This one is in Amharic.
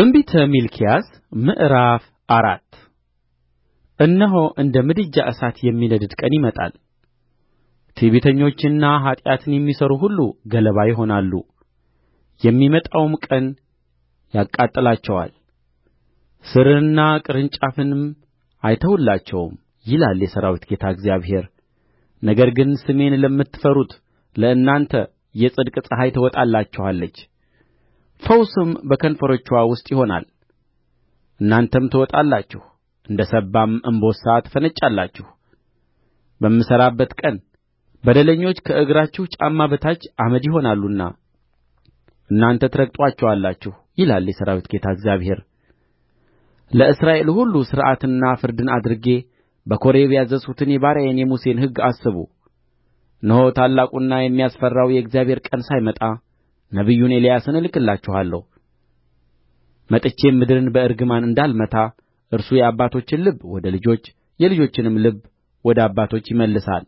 ትንቢተ ሚልክያ ምዕራፍ አራት እነሆ እንደ ምድጃ እሳት የሚነድድ ቀን ይመጣል ትዕቢተኞችና ኃጢአትን የሚሠሩ ሁሉ ገለባ ይሆናሉ የሚመጣውም ቀን ያቃጥላቸዋል ሥርንና ቅርንጫፍንም አይተውላቸውም ይላል የሠራዊት ጌታ እግዚአብሔር ነገር ግን ስሜን ለምትፈሩት ለእናንተ የጽድቅ ፀሐይ ትወጣላችኋለች ፈውስም በከንፈሮችዋ ውስጥ ይሆናል እናንተም ትወጣላችሁ እንደ ሰባም እምቦሳ ትፈነጫላችሁ በምሠራበት ቀን በደለኞች ከእግራችሁ ጫማ በታች አመድ ይሆናሉና እናንተ ትረግጡአቸዋላችሁ ይላል የሠራዊት ጌታ እግዚአብሔር ለእስራኤል ሁሉ ሥርዓትንና ፍርድን አድርጌ በኮሬብ ያዘዝሁትን የባሪያዬን የሙሴን ሕግ አስቡ እነሆ ታላቁና የሚያስፈራው የእግዚአብሔር ቀን ሳይመጣ ነቢዩን ኤልያስን እልክላችኋለሁ መጥቼም ምድርን በእርግማን እንዳልመታ እርሱ የአባቶችን ልብ ወደ ልጆች የልጆችንም ልብ ወደ አባቶች ይመልሳል